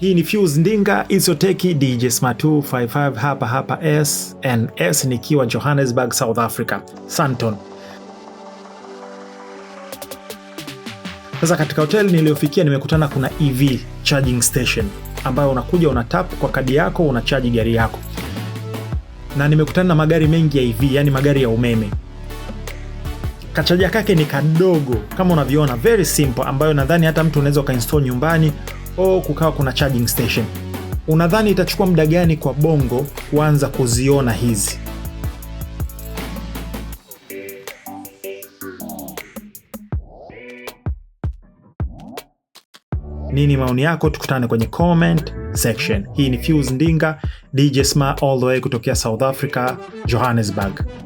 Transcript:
Hii ni Fuse Ndinga Isoteki DJ Smart 255 hapa hapa SnS nikiwa Johannesburg, South Africa, Santon. Sasa katika hoteli niliyofikia nimekutana kuna EV charging station ambayo unakuja una tap kwa kadi yako una chaji gari yako, na nimekutana na magari mengi ya EV, yani magari ya umeme. Kachaja kake ni kadogo kama unavyoona, very simple, ambayo nadhani hata mtu unaweza ukainstall nyumbani au oh, kukawa kuna charging station. Unadhani itachukua muda gani kwa bongo kuanza kuziona hizi? Nini maoni yako? Tukutane kwenye comment section. Hii ni Fuse Ndinga, DJ Sma all the way kutokea South Africa, Johannesburg.